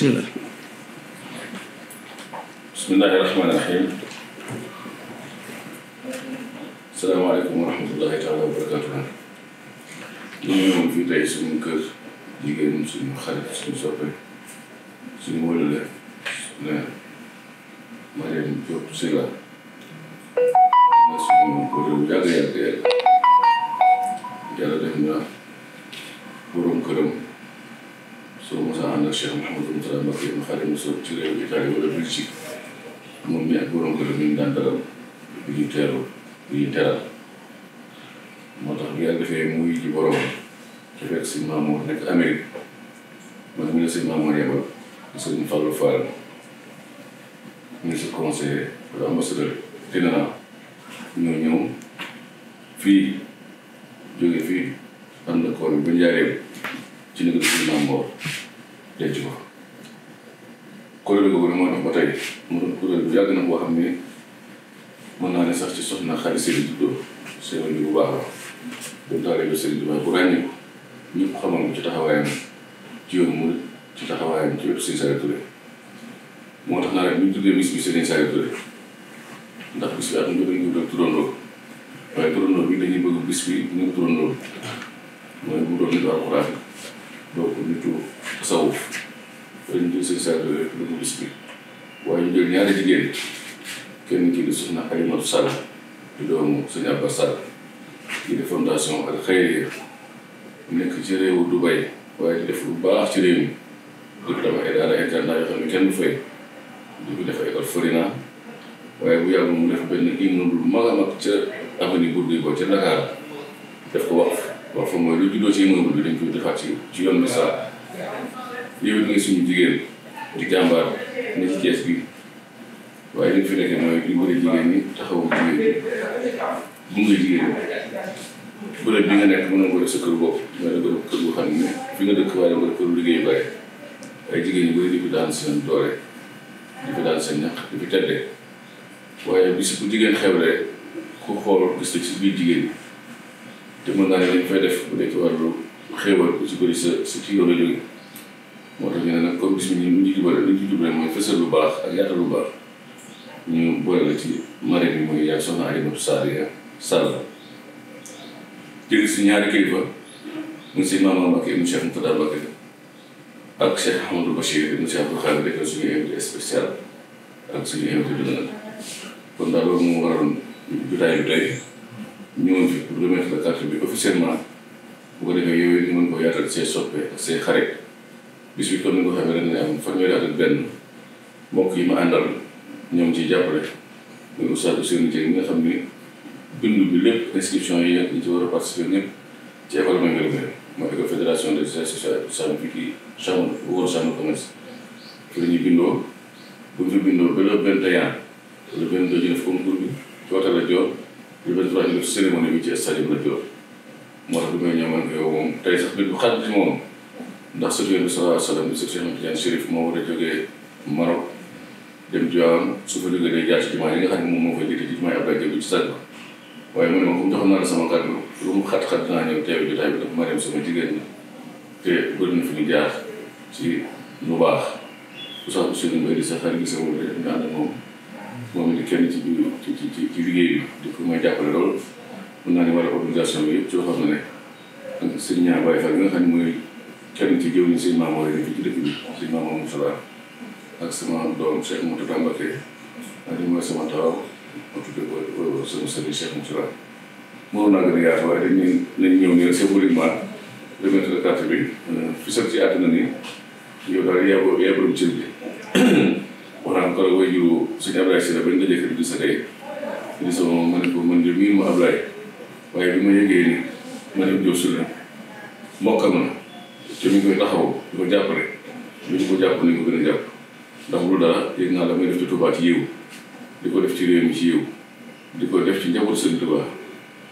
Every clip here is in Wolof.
bismillah bismillahi rahmaani rahim salaamaaleykum wa rahmatullahi taala wa barakatuh ñu ñëwoon fii tey suñu kër jigéen suñu xarit suñu soppe suñu wóolule ne Mariam Diop Sylla na suñu ko réew yàgg-yàgg yàlla def na borom këram soo mos a ànd ak Cheikh Mouhamadou Moussa Mbacké ma xale ci réew Italie wala Belgique moom mi ak borom kër mi ñu daan dalal bi moo tax bi yàlla defee muy ji borom te fekk si maamoor nekk Amérique man mi la si maamoor yebal sëñ Fallou Fall ministre conseiller wala ambassadeur dina fii jóge fii am na koor bu njaareem ci négal si maamoor denc ko kuréel googu moo tax ba tey mu doon kuréel bu yàgg na boo xam ne mën naa ne sax ci soxna xarit Serigne Dodo Serigne bi bu baax la doon taalibe Serigne Dodo bu ràññeeku ñëpp xamal ko ci taxawaayam ci yoonu mu ci taxawaayam ci wetu Serigne Saliou Touré moo tax naa ne mu ñu tuddee bis bi Serigne Saliou Touré ndax bis bi at mi dañuy wut turandoo waaye turandoo bi dañuy bëgg bis bi ñu turandoo mooy bu doon nitu alxuraan Sadio rek lu mu gis bi waaye ñu jël ñaari jigéen kenn kii di soxna Alimatu Sall di doomu sëñ Abba de fondation Al Khayriya nekk ci réewu lu baax ci réew yoo xam du fay di def ay def ko wax wax fa mooy lu juddoo ci immeuble bi dañ koy ci ci yoon bi saa suñu jigéen di jàmbaar ne ci Cees bi waaye li fi nekkee mooy di bëri jigéen ñi taxawu jigéen ñi gunge jigéen ñi bërëb bi nga nekk mën na ko def sa kër waaye liggéey bare ay jigéen ñi bëri di bu jigéen xewlee ku xool gis naa ne dañ bu dee bëri sa sa la jógee moo tax ñu ne nag comme bis mi ñu jubale lu ñu jubale mooy fësal lu baax ak yaatal lu baax ñu boole la ci marraine bi muy yaay soxna Aïdou Saliya Sall jëli si ñaari kilifa mu si Mamadou Mbacké mu Cheikh Moutada Mbacké ak Cheikh Ahmadou Bachir mu Cheikh Abdou Khadre defal suñu invité spécial ak suñu invité dëgg kon daal loolu moo waroon jotaay bi tey ñëwoon fi pour remettre la carte bi officiellement bu ko defee yow it mën ko yaatal see soppe ak see xarit. bis bi comme ni nga ko xamee ren ne am fanweeri at ak benn mbokk yi ma àndal ñoom ci jàppale muy oustaz Ousseynou Dieng mi nga xam ni bindu bi lépp inscription yi ak ñi ci war a participer ñëpp ci école Mbengue la mooy école fédération des associations fii ci chambre wóor chambre commerce fi la ñuy bindoo bu ñu fi bindoo ba le 21 le 22 ñu def concours bi ci hôtel la Dior le 23 ñu def cérémonie bi ci stade Iba Mar Dior moo tax du may ñëw man ko yow moom tey sax bi du xaar ci moom. ndax su Yonent bi sallallahu alayhi wa sallam di sëtu Cheikh Tidiane Chérif moo war a jógee su fa jógee day jaar ci jumaa yi nga xam ne moom moo fay jiite ci jumaa Abdoulaye Diop bi ci Sadba waaye mu ne ma fu mu joxoon naa la sama kàddu lu mu ma fi ñu jaar ci lu baax bu sax suñu mbéy di sa xarit moom moom it kenn ci biir ci ci ci liggéey bi di ko may jàppale loolu mun naa ne wala organisation bi yëpp ci loxoom la ne sëñ ñaar Baye nga xam ne kenn ci géwéñu sëñ Maam Mor yi fii ci dëkk bi sëñ Maam Mor Moussa ak sama doom Cheikh Moutouka Mbacké ak li mooy sama taw ma tuddee ko euh, sama sëriñ Cheikh Moussa mënoon naa gën a yaatu waaye dañuy dañuy ñëw nii symboliquement remettre le carte bi euh, fi sax ci àdduna ni yow daal yaa boobu yaa boobu cër bi wax naa ko way juru sëñ Abdoulaye Sylla bañ nga jëkk di sa tey di sama ma ne ko man de miin ma Abdoulaye waaye bi ma yëgee ni ma dem Diop Sula mokkal na ñu ngi koy taxaw di ko jàppale lu ñu ko jàpp nañ ko gën a jàpp ndax lu dara yëg naa la muy def ci Tuubaa ci di ko def ci réew mi ci yiw di ko def ci njaboot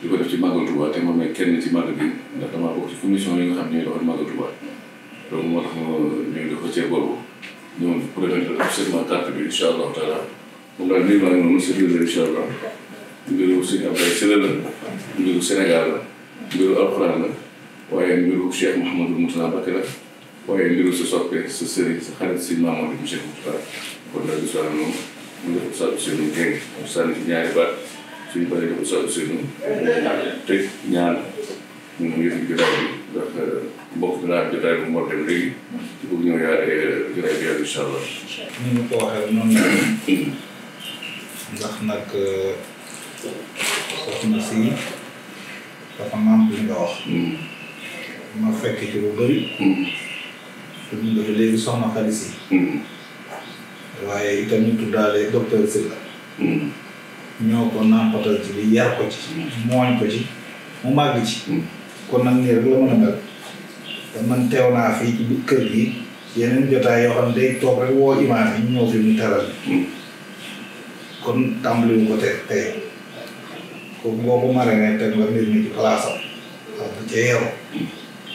di ko def ci màggal Tuubaa te moom ne kenn ci màggal bi ndax damaa bokk ma ñëw def ko ceeb boobu ñëwoon pour remettre officiellement carte bi incha allahu taala moom daal lii maa ngi noonu sëriñ la incha allah mbiru Sëriñ Abdoulaye Sylla la waaye mbiru Cheikh Mouhamadou Moustapha Mbacké la waaye mbiru sa soppe sa sëriñ sa xarit si maamam di monsieur Moustapha kon nag Oustaz moom mu def Oustaz Ousseynou Gueye Oustaz ci ñaari baat suñu paree def Oustaz Ousseynou teg ñaan ñu ngi yëf jotaay bi ndax euh, mbokk bi naa jotaay bi moo dem léegi ci bëgg ñëw yaa eh, jotaay bi yàlla incha allah ni ñu ko waxee noonu la ndax nag euh, soxna si dafa maam li nga wax mm. ma fekk ci lu bëri. Mm-hmm. pour ñu doon léegi soxna Khady Sy. Mm-hmm. waaye itam ñu tuddaale docteur Sylla. Mm-hmm. ñoo ko nàmpatal ci li yar ko ci. mooñ ko ci mu màgg ci. kon nag nii rek la mën a mel. te man teew naa fii ci biir kër gi yeneen jotaay yoo xam ne day toog rek woo imaam yi ñëw fi mu kon tàmbali wu ko te ko maree ne teg la mbir mi ci place am. wax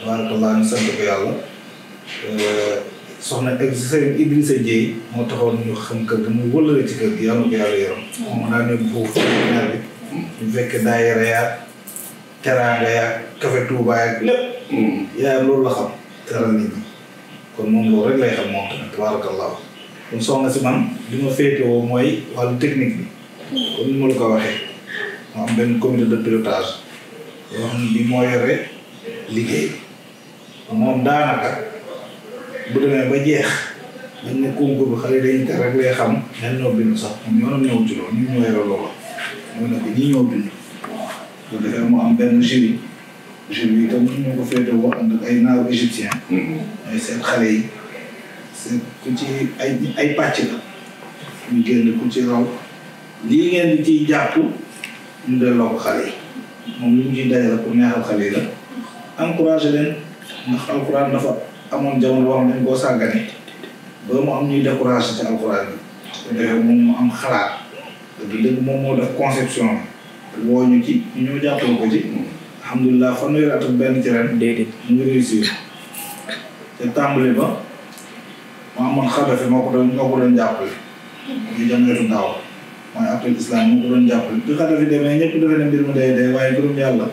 tabarakallah ñu sant ko yàlla euh, soxna Serigne Idrissa Dieye moo taxoon ñu xam kër gi muy wëlale ci kër gi yàlla ko yàlla yaa teraanga yaa café Touba yaa lépp yaa loolu la xam teral nit ñi kon moom loolu rek lay xam moom tamit tabarakallah kon soxna si man li ma féetewoo mooy wàllu technique bi comme ni ma ko waxee mu am benn comité de pilotage yoo moo yore liggéey moom daanaka bu demee ba jeex dañ ne concours bi xale dañ tax rek lay xam ñan ñoo bind sax moom yoonam ñëw ci loolu ñu ñoo yore loola ne ko ñii ñoo bind bu defee mu am benn jury jury bi itam ñu ko féetewoo ànd ak ay naaru égyptien ñooy mm-hmm. seet xale yi seet ay ay pàcc la ñu génn ci ngeen di ciy jàpp ñu delloo ko xale yi moom li ñu ciy dajale pour neexal xale yi la ndax alxuraan dafa amoon jamono wax nañ boo sàgganee ba ñuy découragé ci alxuraan bi bu defee moom mu am xalaat dëgg dëgg moom moo def conception woo ñu ci ñu ñoo jàppale ko ci alhamdulilah fanweeri at benn ci ren déedéet mu ngi réussir te tàmbali ba ma amoon xadafe moo ko doon moo ko doon jàppale ñu jàngatu daaw mooy appel islam moo ko doon jàppale bi xadafi demee ne mbir mu day day waaye juróom yàlla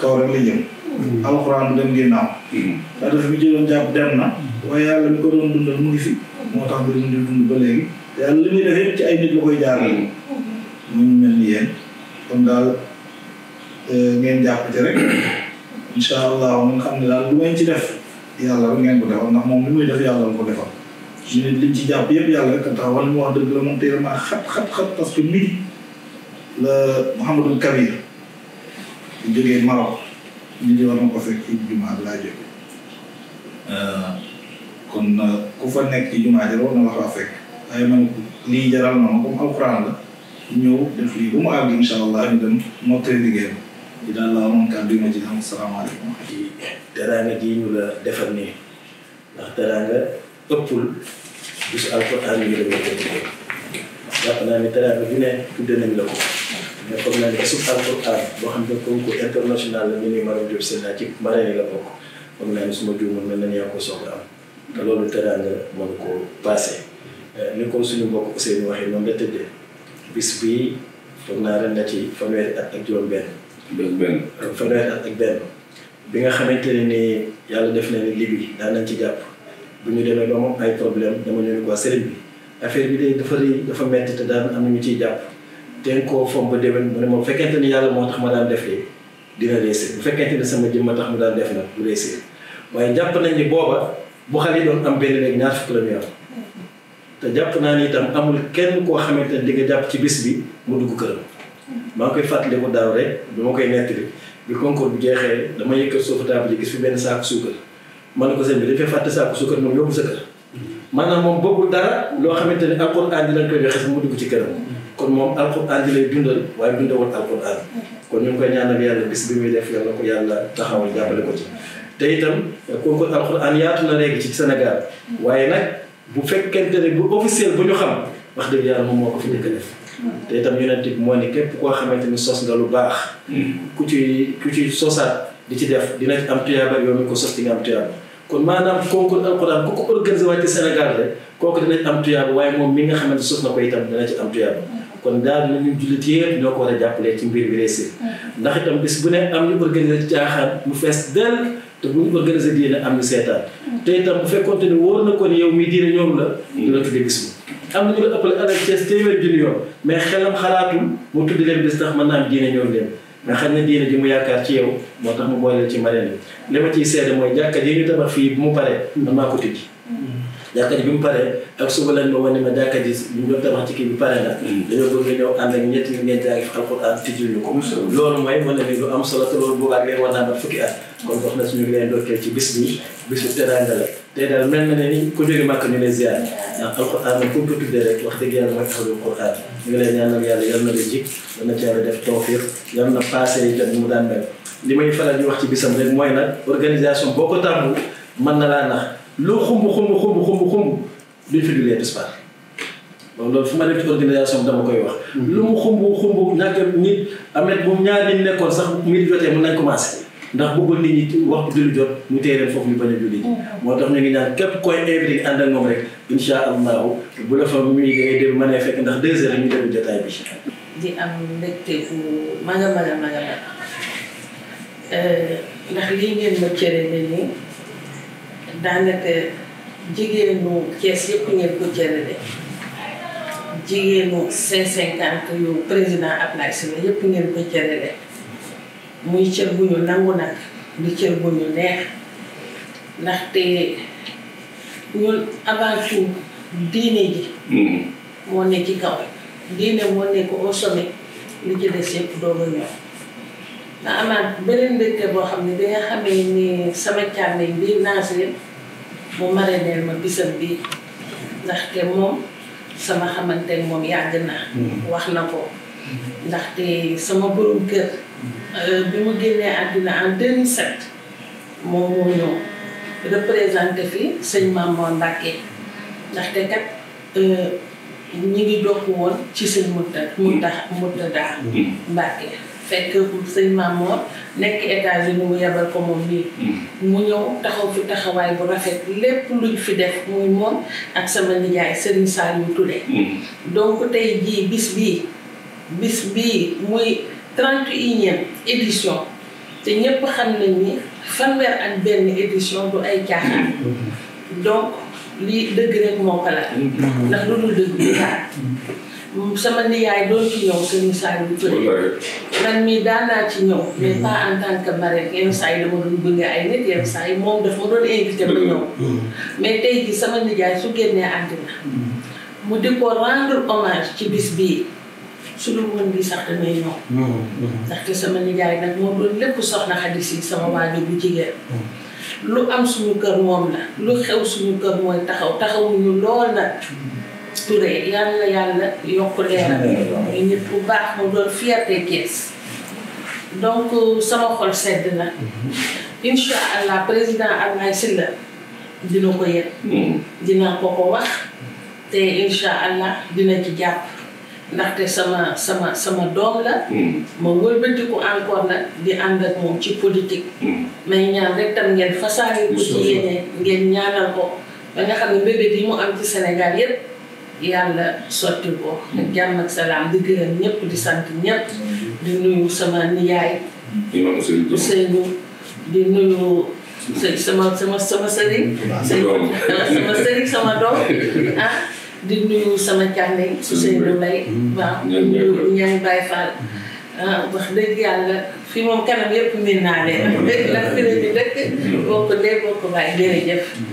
kaw rek la Mm-hmm. alxuraan du dem ginnaaw. ndax mm-hmm. dafa bi jëloon jàpp dem na. waaye yàlla mi ko doon dundal mu ngi fi. moo tax bi ñu di dund ba léegi. yàlla li muy def yëpp ci ay nit koy jaarale. Mm-hmm. mu ñu daal eh, ngeen jàpp ci rek. incha allah lu ngeen ci def. yàlla ngeen ko defal moom li muy def yàlla la ko defal. ñu ne liñ ci jàpp yëpp yàlla rek tax wala mu wax dëgg la moom tellement xat xat xat parce que la Mouhamadul Kabir. jógee Maroc. ñu di war ma ko fekk ci jumaa bi laa jóge euh, kon euh, ku fa nekk jumaa ji war na la faa fekk waaye man lii jaral na ma comme alxuraan la ñëw def lii bu àgg incha allah ñu dem mottali liggéeyam di daal la amoon kàddu yi ma ci am salaamaaleykum ci teraanga ji ñu la defal nii ndax teraanga ëppul bisu alxuraan yi la ñu jàpp naa ne teraanga ne tudde la ko te foog naa ne su alquran boo xam ne concours international la ñu ne Maram Diop Sylla ci marraine la bokk foog naa ne su ma juumul mel na ni yaa ko soog a am te loolu teraanga mën ko passé eh, ni ko suñu mbokk Ousseynou waxee noonu la tëddee bis bii foog naa ren na ci fanweeri at ak juróom-benn. benn ak benn. bi nga xamante ne ni yàlla def na ni libi daan nañ ci jàpp bu ñu demee ba moom ay problème dama ñu ne quoi sëriñ bi affaire bi day dafa rëy dafa metti te daan am na ciy jàpp. te koo fomm ba déwén mu ne ma fekkente ni yàlla moo tax ma daan defee lii dina réussir bu fekkente ni sama jëmm ma tax mu daan def nag mu waaye jàpp nañ ni booba bu xale yi doon am ñaar fukk te jàpp naa ni itam amul kenn koo xamante ne di nga jàpp ci bis bi mu dugg këram. maa ngi koy fàttaliku daal rek bi ma koy nettali bi concours bi jeexee dama yëkkal suufu table yi gis fi benn saako suukar man ko seen bi dafay fàtte saako suukar moom yóbbu sa kër maanaam moom bëggul dara loo xamante ni alquran di lañ koy joxe mu dugg ci këram kon moom alquran di lay dundal waaye dundawul alquran kon ñu mu koy ñaanal yàlla bis bi muy def yàlla ko yàlla taxawal jàppale ko ci te itam concours alquran yaatu na léegi ci Sénégal waaye nag bu fekkente ne bu officiel bu ñu xam wax dëgg yàlla moom moo ko fi njëkk moo ne képp koo xamante ni sos nga lu baax mm. ku ci ku ci sosaat di ci def dina am tuyaaba yow mi ko sos nga am tuyaaba kon maanaam concours alquran ku ko organisé waat ci Sénégal rek kooku dinañ am tuyaaba waaye moom mi nga xamante suuf na ko itam dana ci am tuyaaba kon daal nañu jullit yëpp ñoo a jàppalee ci mbir bi réussir ndax bis bu ne am ñu organisé mu fees dell te bu ñu organisé diine am ñu seetaan te itam bu fekkoonte ni wóor na ko yow mii diine ñoom la ñu la tuddee bis bu am na ñu la ëppale alal Cees téeméer junni yoon mais xelam xalaatum mu tudd leen bis tax mën naa am diine ñoom leen mais xam na diine ji mu yaakaar ci yow moo tax mu boole ci marraine bi li ma ciy seede mooy jàkka ji ñu tabax fii bu mu paree man maa ko tijji jàkka ji bi mu paree ak suba lañ ma wane ma jàkka ji ñu doon tabax ci kii bi pare na dañoo bëgg ñëw ànd ak ñetti nit ngeen jàng fi alxuraan tijjil ñu ko loolu mooy mën na ni lu am solo te loolu boobaak leen war naa mat fukki at kon wax na suñu leen dokkeel ci bis bi bisu teraanga la tey daal mel na ne ni ku jóge màkk ñu lay ziar ndax alxuraan nag ku ko tuddee rek wax dëgg yàlla mooy taxawul alxuraan ñu ngi lay ñaanal yàlla yal na la jik yal def tawfiq yal mu daan li may faral di wax ci bisam rek mooy nag organisation boo ko tàmbu mën na laa nax lu xumb xumb xumb xumb xumb duñ fi duggee dispar loolu fu ma dem ci organisation dama koy wax hmm. lu mu xumb xumb ñàkk nit amee bu ñaar nit nekkoon sax mi jotee mën nañ commencé ndax bëggul nit ñi waxtu julli jot mu téye leen foofu ñu bañ a julli mm. moo tax ñu ngi ñaan képp koy invité ànd ak moom fekk ndax deux heures ñu déglu jotaay bi. di am mbégte bu mag eh, ndax lii ngeen ma cere ne nii daanaka jigéenu Cees yëpp ngeen ko cere de jigéenu C50 yu président Ablaye Sylla yëpp ngeen ko cere de. muy cër bu ñu nangu nag di cër bu ñu neex ndaxte ñun avant tout diine ji mm-hmm. moo ne ci kaw diine moo nekk au sommet li ci des yëpp doog a ñëw nga amaat beneen mbégte boo xam ne danga nga xamee ni sama càmmeñ bi Nasrin mu mare neel ma bisam bi ndaxte moom sama xamante moom yàgg na mm-hmm. wax na ko ndaxte sama borom kër euh, bi mu génnee àddina en 2007 moom moo ñëw représenté fi sëñ Mamour Mbacke ndaxte kat euh, ñi ngi dokk woon ci sëñ mutta mutta Murtada Mbacke fekk sëñ Mamour nekk États-Unis mu yebal ko moom nii mu ñëw taxaw fi taxawaay bu rafet lépp luñ fi def muy moom ak sama nijaay Serigne Saliou Touré mm-hmm. donc tey jii bis bii bis bii muy trent et unième édition te ñëpp xam nañ ni fanweer ak benn édition du ay caaxaan mm-hmm. donc lii dëgg rek moo ko mm-hmm. ndax lu dul dëgg du dara mm-hmm. sama niyaay doon ci ñëw sëñ Saliou Touré man mii naa ci ñëw mais pas en tant que marraine yenn saa yi dama doon bëgg ay nit yenn saa yi moom daf ma doon invité ba ñëw mais tey jii sama nijaay su génnee àddina mu di rendre hommage ci bis bii suñu mën bi sax damay ñëw. Mm-hmm. ndaxte sama nijaay nag moom doon lépp soxna xaddi si sama waajur bu jigéen. Mm-hmm. lu am suñu kër moom la lu xew suñu kër mooy taxaw taxawuñu lool nag. Mm-hmm. Touré yàlla yàlla yokk leeral. bu baax mu doon fierté Kees. donc sama xol sedd na. incha allah président Ablaye Sylla dina ko yëg. dina ko ko wax. te incha allah dina ci jàpp. ndaxte sama sama sama doom la. Hmm. ma wëlbatiku encore nag di ànd ak ci politique. Hmm. may ñaan rek tam ngeen fasaare ko ci yéene ngeen ñaanal ko ba nga xam ne mbébét yi mu am senegal Sénégal yépp yàlla sotti ko. ak hmm. jàmm ak salaam di gërëm ñëpp di sant ñëpp. di nuyu sama niyaay. Ousseynou di nuyu. sama sama sama sëriñ. sama sëriñ sama doom ah. di nuyu sama cànde yi. su seen lu lay. waaw di nuyu ñaari Baye Fall. Mm-hmm. Ah, wax dëgg yàlla fii moom kanam yëpp miin naa leen. dëgg mm-hmm. la fi la ñu dëkk. Mm-hmm. bokk ndey bokk baay jërëjëf.